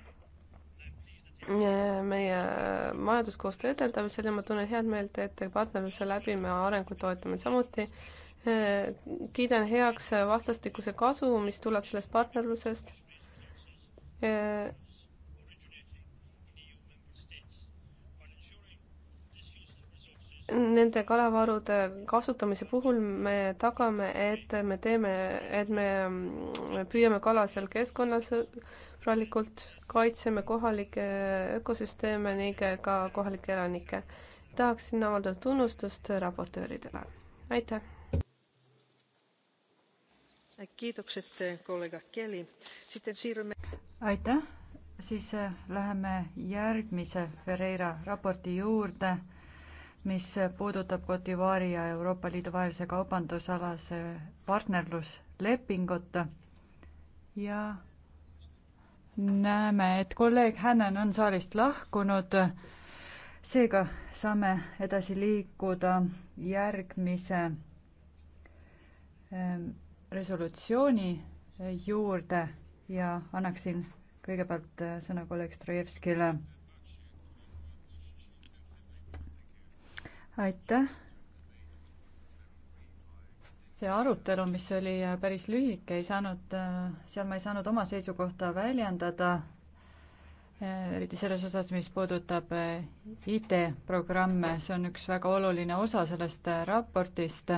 meie äh, majanduskoostöö edendamisel ja ma tunnen head meelt, et partnerluse läbi me arengut toetame samuti. Äh, kiidan heaks vastastikuse kasu, mis tuleb sellest partnerlusest. Äh, nende kalavarude kasutamise puhul me tagame, et me teeme, et me mm, püüame kala seal keskkonnas sõbralikult, kaitseme kohalikke ökosüsteeme ning ka kohalikke elanikke. tahaksin avaldada tunnustust raportööridele. aitäh! aitäh, siis äh, läheme järgmise Ferreira raporti juurde mis puudutab Cotivari ja Euroopa Liidu vahelise kaubandusalase partnerluslepingut ja näeme, et kolleeg Hännen on saalist lahkunud. seega saame edasi liikuda järgmise ähm, resolutsiooni juurde ja annaksin kõigepealt äh, sõna kolleeg Strojevskile. aitäh see arutelu, mis oli äh, päris lühike, ei saanud, äh, seal ma ei saanud oma seisukohta väljendada, äh, eriti selles osas, mis puudutab IT-programme, see on üks väga oluline osa sellest raportist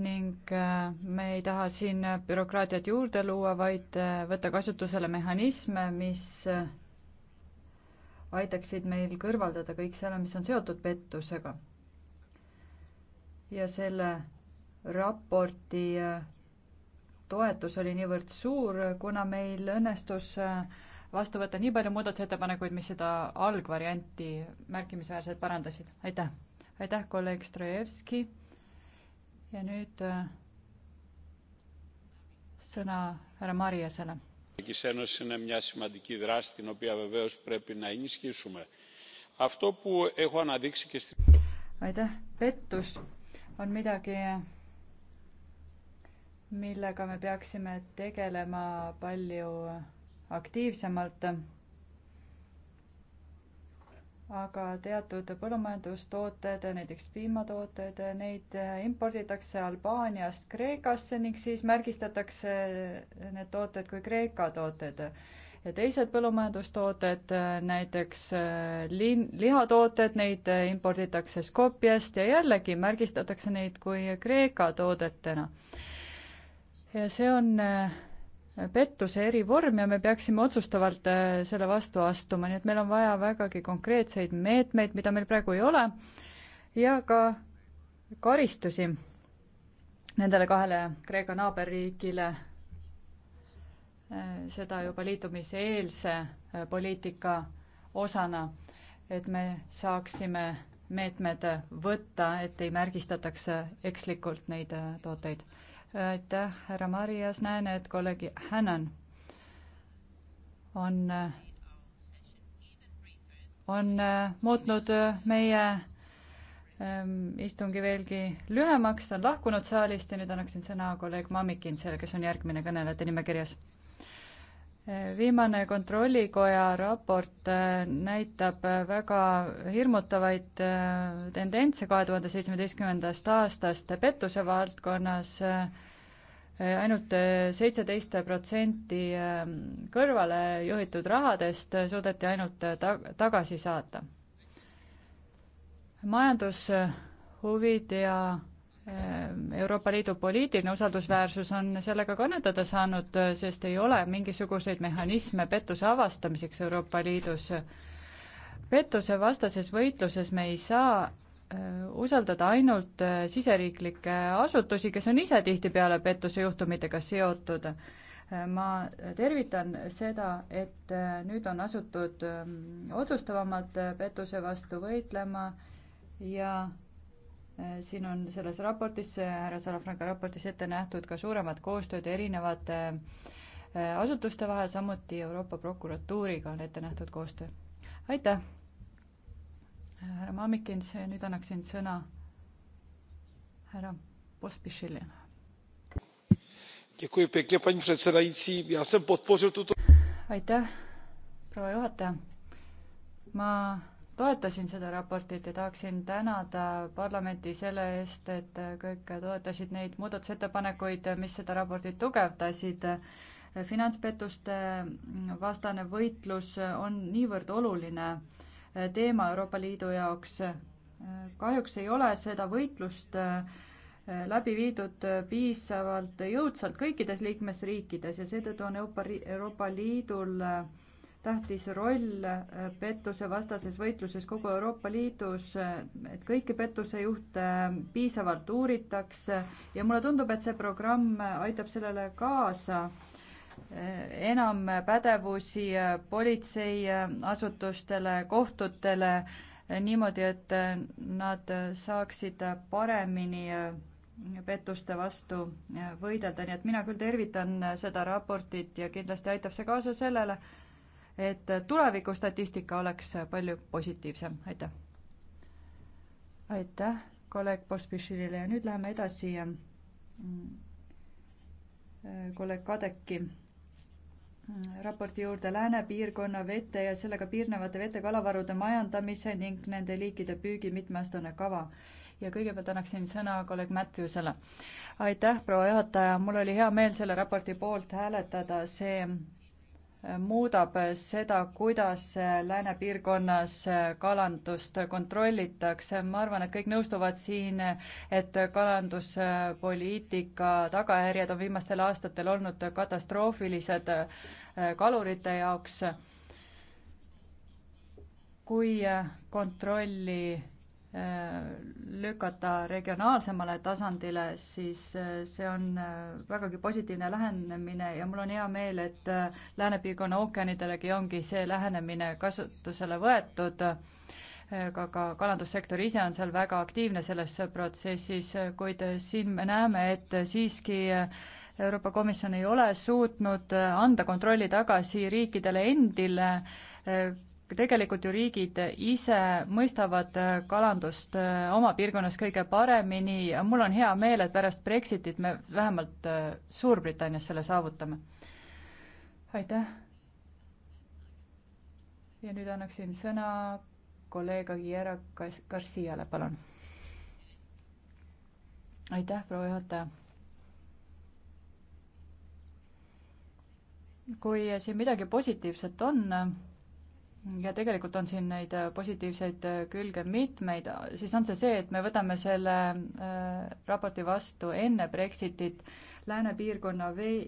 ning me ei taha siin bürokraatiat juurde luua, vaid võtta kasutusele mehhanisme, mis aitaksid meil kõrvaldada kõik selle, mis on seotud pettusega. ja selle raporti äh, toetus oli niivõrd suur, kuna meil õnnestus äh, vastu võtta nii palju muudatusettepanekuid, mis seda algvarianti märkimisväärselt parandasid. aitäh! aitäh, kolleeg Strojevski! ja nüüd äh, sõna härra Mariasele. aitäh, pettus on midagi millega me peaksime tegelema palju aktiivsemalt. aga teatud põllumajandustooted, näiteks piimatooted, neid imporditakse Albaaniast Kreekasse ning siis märgistatakse need tooted kui Kreeka tooted. ja teised põllumajandustooted, näiteks äh, lin-, lihatooted, neid imporditakse Skopjest ja jällegi märgistatakse neid kui Kreeka toodetena ja see on äh, pettuse erivorm ja me peaksime otsustavalt äh, selle vastu astuma, nii et meil on vaja vägagi konkreetseid meetmeid, mida meil praegu ei ole, ja ka karistusi nendele kahele Kreeka naaberriigile, äh, seda juba liitumiseelse poliitika osana, et me saaksime meetmed võtta, et ei märgistataks ekslikult neid tooteid aitäh, härra Marias, näen, et kolleeg Hannan on, on äh, muutnud äh, meie ähm, istungi veelgi lühemaks, ta on lahkunud saalist ja nüüd annaksin sõna kolleeg Mamikinsele, kes on järgmine kõnelejate nimekirjas viimane Kontrollikoja raport äh, näitab äh, väga hirmutavaid äh, tendentse kahe tuhande seitsmeteistkümnendast aastast pettuse valdkonnas, ainult seitseteist protsenti kõrvale juhitud rahadest suudeti ainult ta-, tagasi saata. majandushuvid ja Ehm, Euroopa Liidu poliitiline usaldusväärsus on sellega kannatada saanud, sest ei ole mingisuguseid mehhanisme pettuse avastamiseks Euroopa Liidus. pettusevastases võitluses me ei saa ehm, usaldada ainult ehm, siseriiklikke asutusi, kes on ise tihtipeale pettusejuhtumitega seotud. ma tervitan seda, et nüüd on asutud otsustavamalt pettuse vastu võitlema ja Äh, siin on selles raportis, härra Salafranca raportis ette nähtud ka suuremat koostööd erinevate äh, asutuste vahel, samuti Euroopa prokuratuuriga on ette nähtud koostöö. aitäh, äh, härra Mamikins, nüüd annaksin sõna härra Pospišile. aitäh, proua juhataja. ma toetasin seda raportit ja tahaksin tänada parlamenti selle eest, et kõik toetasid neid muudatusettepanekuid, mis seda raportit tugevdasid. finantspettuste vastane võitlus on niivõrd oluline teema Euroopa Liidu jaoks. kahjuks ei ole seda võitlust äh, läbi viidud piisavalt jõudsalt kõikides liikmesriikides ja seetõttu on Euroopa, Euroopa Liidul äh, tähtis roll äh, pettusevastases võitluses kogu Euroopa Liidus, äh, et kõiki pettusejuhte äh, piisavalt uuritakse ja mulle tundub, et see programm aitab sellele kaasa. enam pädevusi politseiasutustele, kohtutele, niimoodi, et nad saaksid paremini pettuste vastu võidelda, nii et mina küll tervitan seda raportit ja kindlasti aitab see kaasa sellele, et tuleviku statistika oleks palju positiivsem, aitäh! aitäh kolleeg Pospiširile ja nüüd läheme edasi ähm, äh, kolleeg Kadeki äh, raporti juurde Lääne piirkonna vete ja sellega piirnevate vetekalavarude majandamise ning nende liikide püügi mitmeaastane kava. ja kõigepealt annaksin sõna kolleeg Matthewsele. aitäh, proua juhataja, mul oli hea meel selle raporti poolt hääletada, see muudab seda, kuidas lääne piirkonnas kalandust kontrollitakse. ma arvan, et kõik nõustuvad siin, et kalanduspoliitika tagajärjed on viimastel aastatel olnud katastroofilised eh, kalurite jaoks. kui kontrolli Äh, lükata regionaalsemale tasandile, siis äh, see on äh, vägagi positiivne lähenemine ja mul on hea meel, et läänepiirkonna ookeanidelegi ongi see lähenemine kasutusele võetud. ka, ka kalandussektor ise on seal väga aktiivne selles protsessis, kuid siin me näeme, et siiski Euroopa Komisjon ei ole suutnud anda kontrolli tagasi riikidele endile tegelikult ju riigid ise mõistavad äh, kalandust äh, oma piirkonnas kõige paremini ja mul on hea meel, et pärast Brexitit me vähemalt äh, Suurbritannias selle saavutame. aitäh. ja nüüd annaksin sõna kolleeg Aguilera Garciale, palun. aitäh, proua juhataja kui siin midagi positiivset on, ja tegelikult on siin neid äh, positiivseid äh, külge mitmeid, siis on see see, et me võtame selle äh, raporti vastu enne Brexitit, lääne piirkonna vee,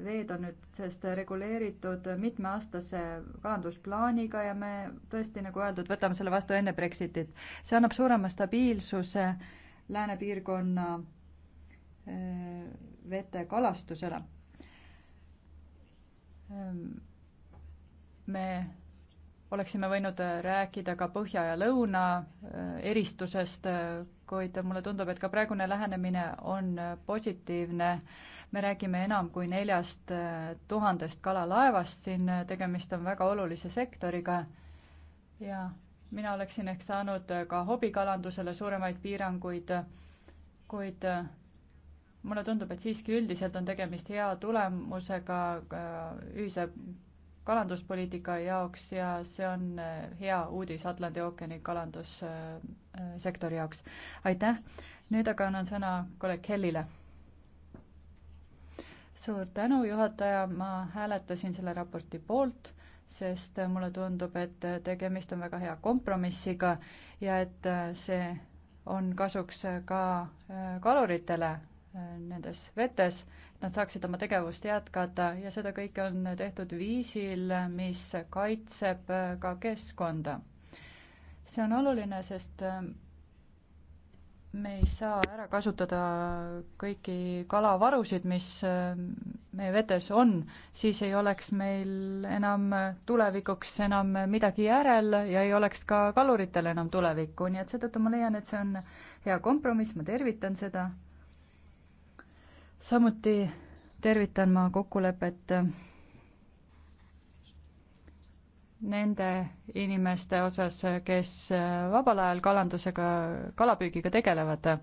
veed on nüüd sellest reguleeritud mitmeaastase kaandusplaaniga ja me tõesti, nagu öeldud, võtame selle vastu enne Brexitit. see annab suurema stabiilsuse lääne piirkonna vete kalastusele. Ehm, me oleksime võinud äh, rääkida ka põhja ja lõuna äh, eristusest, äh, kuid mulle tundub, et ka praegune lähenemine on positiivne. me räägime enam kui neljast tuhandest kalalaevast siin, tegemist on väga olulise sektoriga ja mina oleksin ehk saanud ka hobikalandusele suuremaid piiranguid, kuid mulle tundub, et siiski üldiselt on tegemist hea tulemusega ühise kalanduspoliitika jaoks ja see on eh, hea uudis Atlandi ookeani kalandussektori jaoks. aitäh, nüüd aga annan sõna kolleeg Hellile. suur tänu, juhataja, ma hääletasin selle raporti poolt, sest mulle tundub, et tegemist on väga hea kompromissiga ja et see on kasuks ka eh, kaluritele eh, nendes vetes nad saaksid oma tegevust jätkata ja seda kõike on tehtud viisil, mis kaitseb ka keskkonda. see on oluline, sest äh, me ei saa ära kasutada kõiki kalavarusid, mis äh, meie vetes on, siis ei oleks meil enam tulevikuks enam midagi järel ja ei oleks ka kaluritel enam tulevikku, nii et seetõttu ma leian, et see on hea kompromiss, ma tervitan seda samuti tervitan ma kokkulepet äh, nende inimeste osas, äh, kes äh, vabal ajal kalandusega, kalapüügiga tegelevad.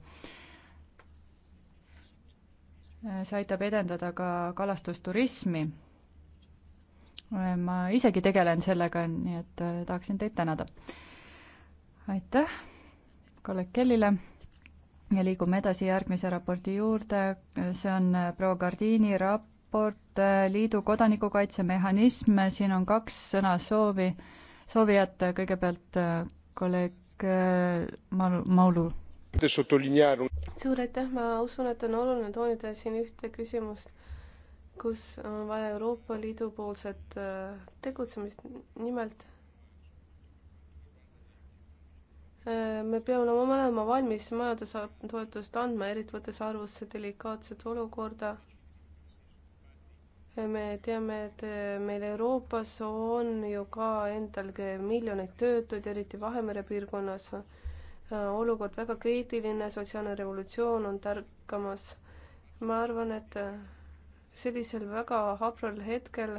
see aitab edendada ka kalastusturismi. ma isegi tegelen sellega, nii et tahaksin teid tänada. aitäh kolleeg Kellile ja liigume edasi järgmise raporti juurde, see on äh, proua Gardiini raport, äh, liidu kodanikukaitsemehhanism, siin on kaks sõna soovi, soovijat, kõigepealt äh, kolleeg Maulu. suur aitäh, ma usun, et on oluline toonida siin ühte küsimust, kus on vaja Euroopa Liidu poolset tegutsemist, nimelt Äh, me peame olema valmis majandustoetust andma, eriti võttes arvesse delikaatset olukorda. Äh, me teame, et äh, meil Euroopas on ju ka endal miljoneid töötuid, eriti Vahemere piirkonnas. olukord väga kriitiline, sotsiaalne revolutsioon on tärkamas. ma arvan, et sellisel väga habral hetkel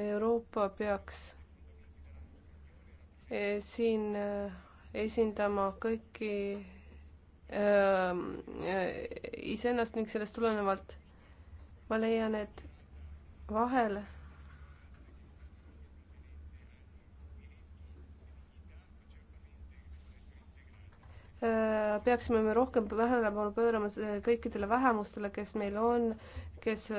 Euroopa peaks Eh, siin eh, esindama kõiki eh, iseennast ning sellest tulenevalt ma leian, et vahel peaksime me rohkem tähelepanu pöörama kõikidele vähemustele, kes meil on kes äh,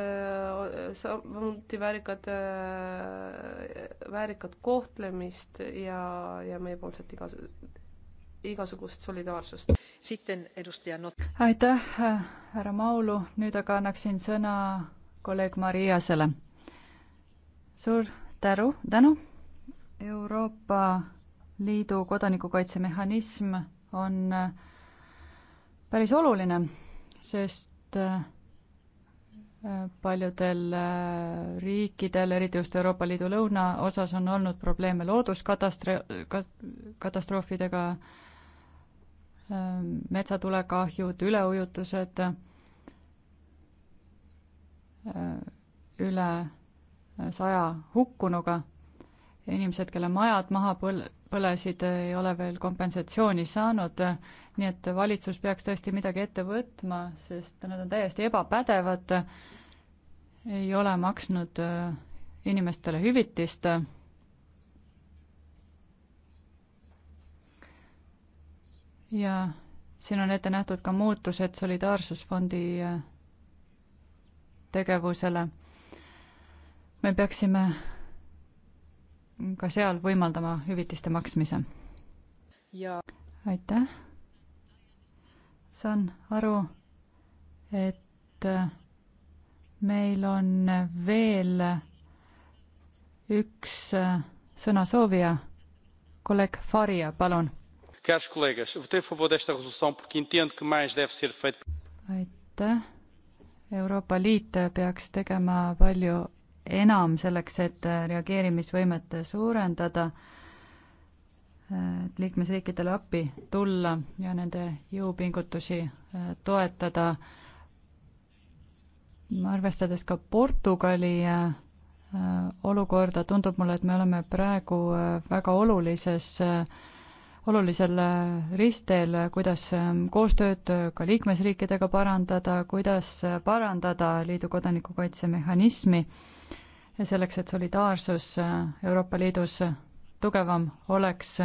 samuti väärikad, äh, väärikat kohtlemist ja, ja meiepoolset igasu-, igasugust solidaarsust. aitäh, äh, härra Maulu, nüüd aga annaksin sõna kolleeg Mariasele. suur tänu, tänu. Euroopa Liidu kodanikukaitsemehhanism on päris oluline, sest paljudel äh, riikidel, eriti just Euroopa Liidu lõunaosas, on olnud probleeme looduskatastre-, katastroofidega, äh, metsatulekahjud, üleujutused, äh, üle saja hukkunuga. inimesed, kelle majad maha põl-, põlesid, ei ole veel kompensatsiooni saanud nii et valitsus peaks tõesti midagi ette võtma, sest nad on täiesti ebapädevad, ei ole maksnud äh, inimestele hüvitist. ja siin on ette nähtud ka muutused Solidaarsusfondi äh, tegevusele. me peaksime ka seal võimaldama hüvitiste maksmise. aitäh saan aru, et äh, meil on veel üks äh, sõnasoovija, kolleeg Faria, palun. aitäh, Euroopa Liit peaks tegema palju enam selleks, et äh, reageerimisvõimet suurendada et liikmesriikidele appi tulla ja nende jõupingutusi äh, toetada, arvestades ka Portugali äh, äh, olukorda, tundub mulle, et me oleme praegu väga olulises, olulisel ristteel, kuidas ähm, koostööd ka liikmesriikidega parandada, kuidas parandada liidu kodanikukaitsemehhanismi ja selleks, et solidaarsus Euroopa Liidus tugevam oleks.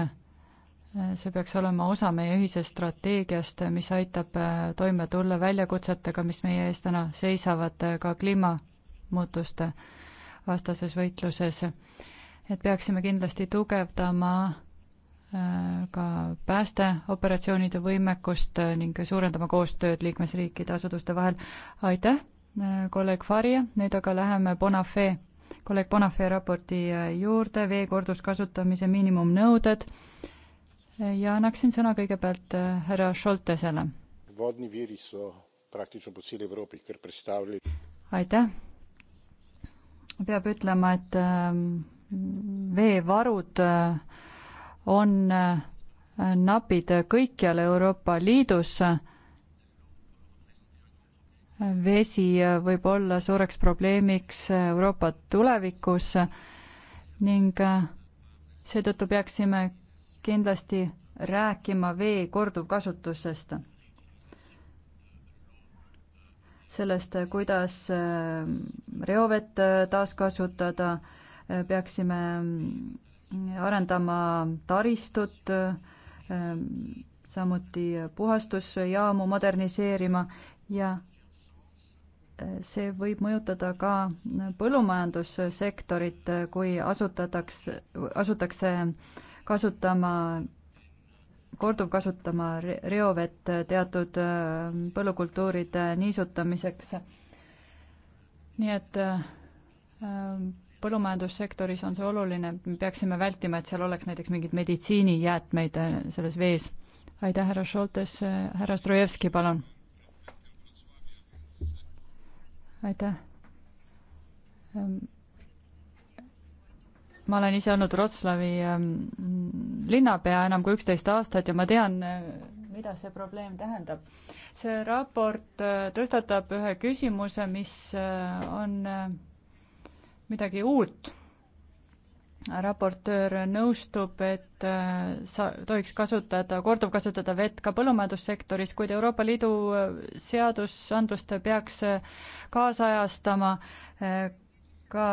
see peaks olema osa meie ühisest strateegiast, mis aitab äh, toime tulla väljakutsetega, mis meie ees täna seisavad, äh, ka kliimamuutuste vastases võitluses. et peaksime kindlasti tugevdama äh, ka päästeoperatsioonide võimekust ning suurendama koostööd liikmesriikide asutuste vahel. aitäh, kolleeg Faria, nüüd aga läheme Bonafé kolleeg Bonafé raporti äh, juurde, vee korduskasutamise miinimumnõuded äh, ja annaksin sõna kõigepealt äh, härra Šoltesele. aitäh. peab ütlema, et ähm, veevarud on napid kõikjal Euroopa Liidus vesi äh, võib olla suureks probleemiks äh, Euroopa tulevikus äh, ning seetõttu peaksime kindlasti rääkima vee korduvkasutusest. sellest, kuidas reovett taaskasutada, peaksime mm, arendama taristut, samuti puhastusjaamu moderniseerima ja see võib mõjutada ka põllumajandussektorit, kui asutatakse, asutakse kasutama, korduvkasutama reovett teatud äh, põllukultuuride niisutamiseks. nii et äh, põllumajandussektoris on see oluline, me peaksime vältima, et seal oleks näiteks mingeid meditsiinijäätmeid äh, selles vees. aitäh, härra Šoltes, härra Strojevski, palun aitäh. Ähm, ma olen ise olnud Wroclawi ähm, linnapea enam kui üksteist aastat ja ma tean, äh, mida see probleem tähendab. see raport äh, tõstatab ühe küsimuse, mis äh, on midagi uut raportöör nõustub, et äh, sa-, tohiks kasutada, korduvkasutada vett ka põllumajandussektoris, kuid Euroopa Liidu äh, seadusandlust peaks äh, kaasajastama ka